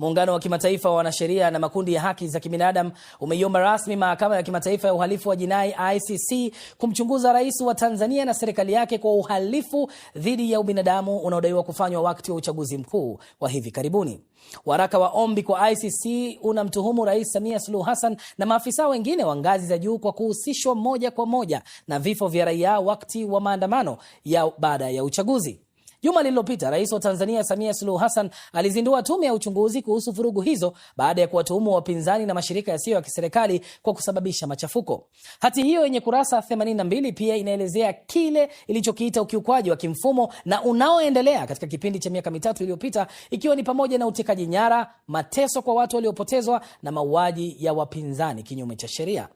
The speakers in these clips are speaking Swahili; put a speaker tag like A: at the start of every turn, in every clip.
A: Muungano wa kimataifa wa wanasheria na makundi ya haki za kibinadamu umeiomba rasmi mahakama ya kimataifa ya uhalifu wa jinai ICC kumchunguza rais wa Tanzania na serikali yake kwa uhalifu dhidi ya ubinadamu unaodaiwa kufanywa wakati wa uchaguzi mkuu wa hivi karibuni. Waraka wa ombi kwa ICC unamtuhumu Rais Samia Suluhu Hassan na maafisa wengine wa ngazi za juu kwa kuhusishwa moja kwa moja na vifo vya raia wakati wa maandamano ya baada ya uchaguzi. Juma lililopita Rais wa Tanzania Samia Suluhu Hassan alizindua tume ya uchunguzi kuhusu vurugu hizo baada ya kuwatuhumu wapinzani na mashirika yasiyo ya kiserikali kwa kusababisha machafuko. Hati hiyo yenye kurasa 82 pia inaelezea kile ilichokiita ukiukwaji wa kimfumo na unaoendelea katika kipindi cha miaka mitatu iliyopita, ikiwa ni pamoja na utekaji nyara, mateso kwa watu waliopotezwa na mauaji ya wapinzani kinyume cha sheria.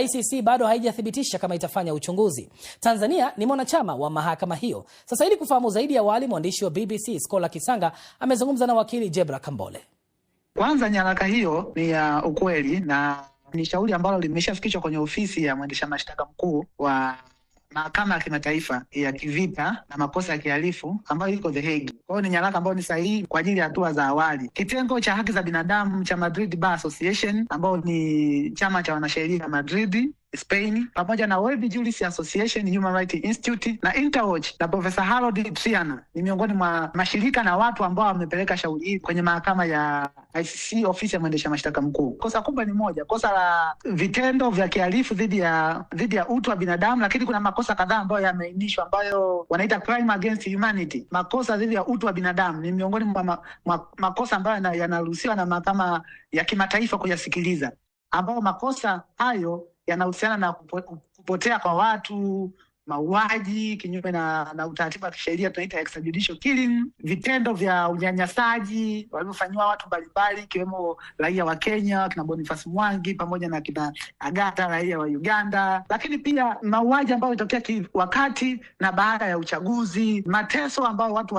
A: ICC bado haijathibitisha kama itafanya uchunguzi. Tanzania ni mwanachama wa mahakama hiyo. Sasa ili kufahamu zaidi, ya wali mwandishi wa BBC Scola Kisanga amezungumza na wakili Jebra Kambole.
B: Kwanza, nyaraka hiyo ni ya ukweli na ni shauri ambalo limeshafikishwa kwenye ofisi ya mwendesha mashtaka mkuu wa mahakama ya kimataifa ya kivita na makosa ya kihalifu ambayo iko The Hague. Kwa hiyo ni nyaraka ambayo ni sahihi kwa ajili ya hatua za awali. Kitengo cha haki za binadamu cha Madrid Bar Association ambao ni chama cha wanasheria Madrid Spain pamoja na World Jurist Association, Human Rights Institute na Interwatch na Profesa Harold Tsiana ni miongoni mwa mashirika na watu ambao wamepeleka shauri hili kwenye mahakama ya ICC, ofisi ya mwendesha mashtaka mkuu. Kosa kubwa ni moja, kosa la vitendo vya kihalifu dhidi ya dhidi ya utu wa binadamu, lakini kuna makosa kadhaa ambayo yameainishwa ambayo wanaita crime against humanity. Makosa dhidi ya utu wa binadamu ni miongoni mwa ma, ma, makosa ambayo yanaruhusiwa na mahakama ya kimataifa kuyasikiliza, ambayo makosa hayo yanahusiana na kupotea kwa watu, mauaji kinyume na, na utaratibu wa kisheria tunaita extrajudicial killing, vitendo vya unyanyasaji walivyofanyiwa watu mbalimbali ikiwemo raia wa Kenya kina Boniface Mwangi pamoja na kina Agata raia wa Uganda, lakini pia mauaji ambayo ilitokea wakati na baada ya uchaguzi, mateso ambayo watu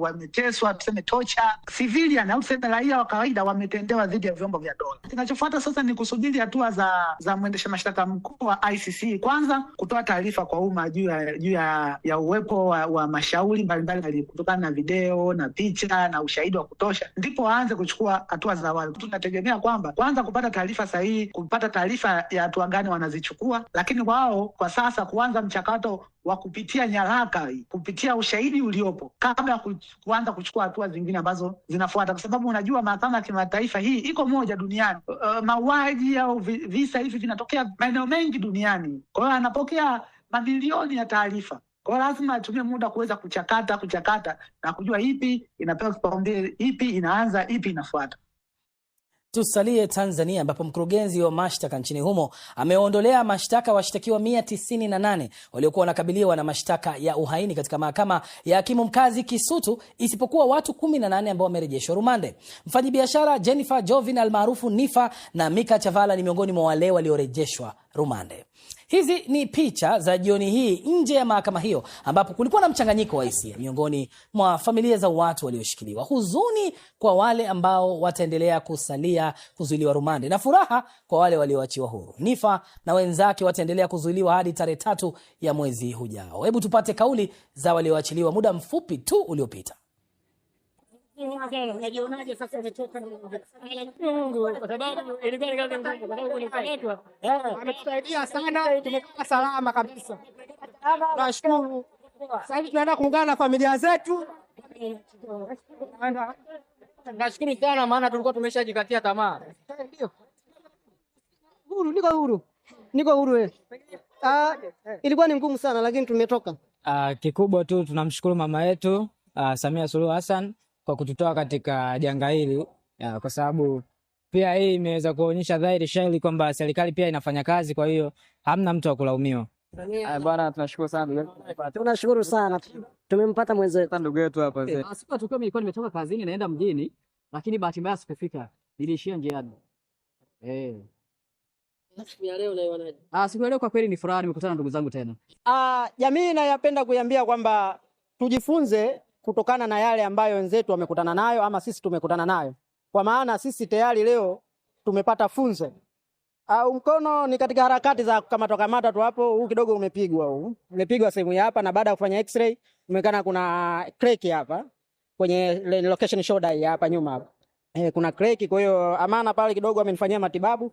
B: wameteswa, wali, tuseme tocha civilian au tuseme raia wa kawaida wametendewa dhidi ya vyombo vya dola. Kinachofuata sasa ni kusubiri hatua za, za mwendesha mashtaka mkuu wa ICC, kwanza kutoa taarifa kwa umma kusema juu ya juu ya, ya uwepo wa, wa mashauri mbalimbali kutokana na video na picha na ushahidi wa kutosha, ndipo waanze kuchukua hatua za awali. Tunategemea kwamba kwanza kupata taarifa sahihi, kupata taarifa ya hatua gani wanazichukua, lakini wao kwa sasa kuanza mchakato wa kupitia nyaraka kupitia ushahidi uliopo kabla ya kuanza kuchukua hatua zingine ambazo zinafuata, kwa sababu unajua mahakama ya kimataifa hii iko moja duniani. Uh, mauaji au visa hivi vinatokea maeneo mengi duniani, kwa hiyo anapokea mabilioni ya taarifa. Kwa hiyo lazima atumie muda kuweza kuchakata kuchakata na kujua ipi inapewa kipaumbele, ipi inaanza, ipi inafuata.
A: Tusalie Tanzania ambapo mkurugenzi wa mashtaka nchini humo ameondolea mashtaka washtakiwa mia tisini na nane waliokuwa wanakabiliwa na mashtaka ya uhaini katika mahakama ya hakimu mkazi Kisutu isipokuwa watu kumi na nane ambao wamerejeshwa rumande. Mfanyabiashara Jennifer Jovin almaarufu Nifa na Mika Chavala ni miongoni mwa wale waliorejeshwa rumande. Hizi ni picha za jioni hii nje ya mahakama hiyo ambapo kulikuwa na mchanganyiko wa hisia miongoni mwa familia za watu walioshikiliwa, huzuni kwa wale ambao wataendelea kusalia kuzuiliwa rumande na furaha kwa wale walioachiwa huru. Nifa na wenzake wataendelea kuzuiliwa hadi tarehe tatu ya mwezi hujao. Hebu tupate kauli za walioachiliwa muda mfupi tu uliopita ametusaidia sana, salama kabisa. Nashukuru. Sasa hivi tunaenda kuungana
C: na familia zetu. Nashukuru sana, maana tulikuwa tumeshajikatia tamaa. Huru, niko huru, niko huru wewe. Ah, ilikuwa ni ngumu sana, lakini tumetoka. Ah, kikubwa tu tunamshukuru mama yetu ah, Samia Suluhu Hassan kwa kututoa katika janga hili, kwa sababu pia hii imeweza kuonyesha dhahiri shahiri kwamba serikali pia inafanya kazi, kwa hiyo hamna mtu wa kulaumiwa.
D: Bwana, tunashukuru sana,
E: tunashukuru sana, tumempata mwenzetu
F: ndugu yetu hapa. Eh,
G: siku tukio nilikuwa nimetoka kazini naenda mjini, lakini bahati mbaya sikufika, niliishia njiani. Eh,
H: Ah, siku ya leo kwa kweli ni furaha, nimekutana ndugu zangu tena.
I: Ah, jamii inayapenda kuiambia kwamba tujifunze kutokana na yale ambayo wenzetu wamekutana nayo ama sisi tumekutana nayo, kwa maana sisi tayari leo tumepata funzo au mkono ni katika harakati za kukamata kamata tu hapo, huu kidogo umepigwa, huu umepigwa sehemu ya hapa, na baada ya kufanya x-ray umekana kuna crack hapa kwenye location shoulder hapa nyuma hapa, e, kuna crack. Kwa hiyo Amana pale kidogo amenifanyia matibabu.